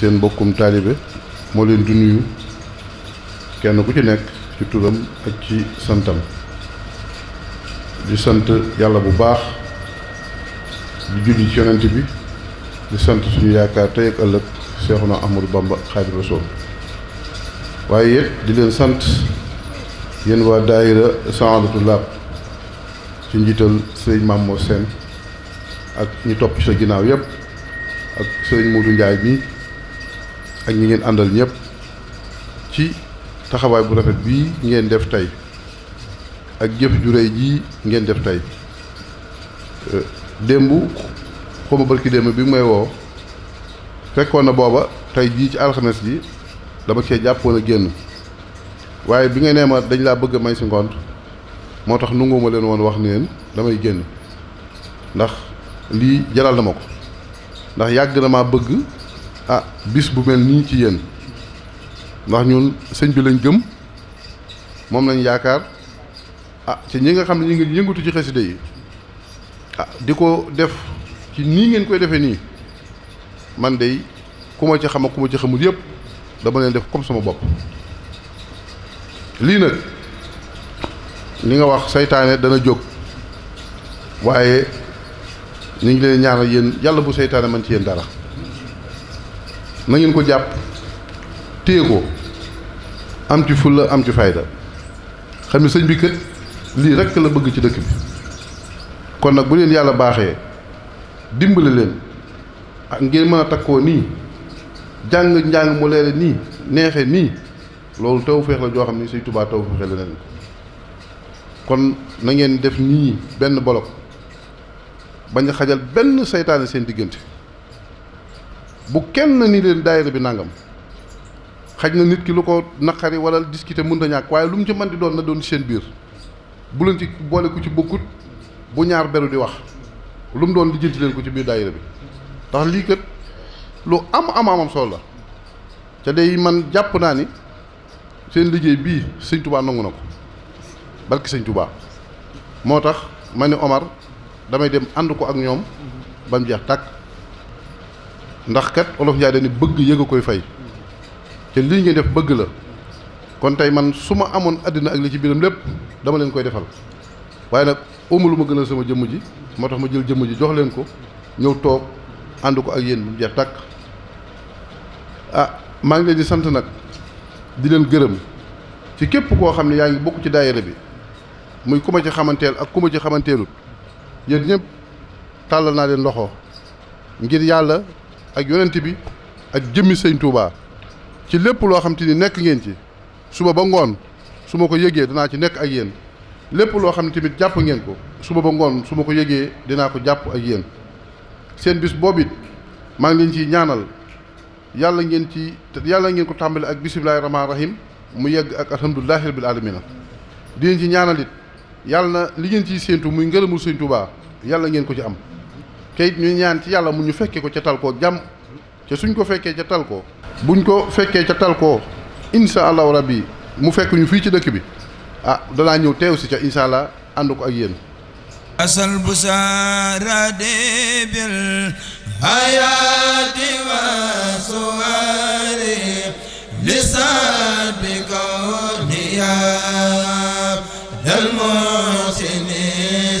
seen mbokkum taalibe moo leen di kenn ku ci nekk ci turam ak ci santam di sant yàlla bu baax di julli ci yonent bi di sant suñu yaakaar tey ak ëllëg Seexuna Ahmadu Bamba Xaadimu Rasuul waaye it di leen sant yenn waa daayira Saadatu Laab ci njiital sëriñ Mamour seen ak ñu topp ci sa ginnaaw yépp ak sëriñ Modou Ndiaye bi ak ñi ngeen àndal ñëpp ci taxawaay bu rafet bii ngeen def tey ak jëf ju réy jii ngeen def tey euh, démb xawma barki démb bi may woo fekkoon na booba tey jii ci alxames ji dama cee jàpp wala génn waaye bi nga nee ma dañ laa bëgg a may si ngont moo tax nunguma leen woon wax ni damay génn ndax lii jaral na ma ko ndax yàgg na maa bëgg ah bis bu mel ni ci yeen ndax ñun señ bi lañ gëm mom lañ yaakar ah ci ñi nga xamni ñi ngi ci xasida yi ah diko def ci ni ngeen koy defé ni man day kuma ci xama kuma ci xamul yépp dama leen def comme sama bopp li nak li nga wax seytaane dana jog waaye ñu ngi leen ñaanal yeen yalla bu seytaane man ci yeen dara na ko jàpp téye ko am ci fulla am ci fayda xam ne sëñ bi kët lii rekk la bëgg ci dëkk bi kon nag bu leen yàlla baaxee dimbali leen ak ah, ngeen mën a takkoo nii jàng njàng mu leere nii neexe nii loolu taw feex la joo xam ni Sëñ Tuubaa taw feexe leneen kon na ngeen def nii benn bolok bañ xajal benn seytaane seen diggante bu kenn ni leen daayira bi nangam xaj na nit ki lu ko naqari wala discuter mën a ñàkk waaye lu mu ci man di doon na doon seen biir bu leen ci boole ku ci bokkut bu ñaar beru di wax lu mu doon lijjanti leen ko ci biir daayira bi ndax lii kat lu am am amam solo la te day man jàpp naa ni seen liggéey bii sëñ Touba nangu na ko barki sëñ tubaa moo tax ma ni Omar damay dem ànd ko ak ñoom ba mu jeex tàkk ndax kat olof Njaay dañu bëgg yëg a koy fay te lii ngeen def bëgg la kon tey man su ma amoon àddina ak li ci biram lépp dama leen koy defal waaye nag umu lu ma gënal sama jëmm ji moo tax ma jël jëmm ji jox leen ko ñëw toog ànd ko ak yéen bu jeex takk ah maa ngi leen di sant nag di leen gërëm ci képp koo xam ne yaa ngi bokk ci daayira bi muy ku ma ci xamanteel ak ku ma ci xamanteelut yéen ñëpp tàllal naa leen loxo ngir yàlla ak yonent bi ak jëmmi sëñ Touba ci lépp loo xam te ni nekk ngeen ci suba ba ngoon su ma ko yëgee danaa ci nekk ak yéen lépp loo xam ne tamit jàpp ngeen ko suba ba ngoon su ma ko yëgee dinaa ko jàpp ak yéen seen bis boobu it maa ngi leen ciy ñaanal yàlla ngeen ci te yàlla ngeen ko tàmbali ak bisimilahi rahmaani rahim mu yegg ak alhamdulilahi rabil alamina di ngeen ci ñaanal it yàlla na li ngeen ciy séentu muy ngërëmul sëñ Touba ngeen ko ci am te ñu ñaan ci yàlla mu ñu fekkee ko ca Talko jàmm te suñ ko fekkee ca Talko buñ ko fekkee ca Talko incha allahu rabbi mu fekk ñu fii ci dëkk bi ah danaa ñëw teew si ca incha allah ànd ko ak yéen asal bu saarade bil hayaati wa suwaari lisaan bi kawniya dal moosini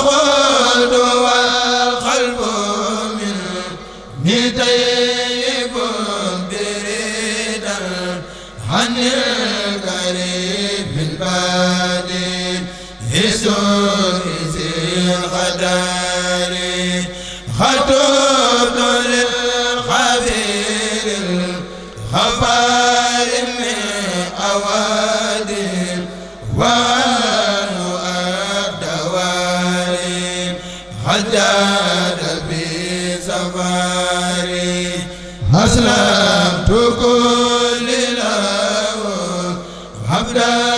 عن القريب البعيد Abdullah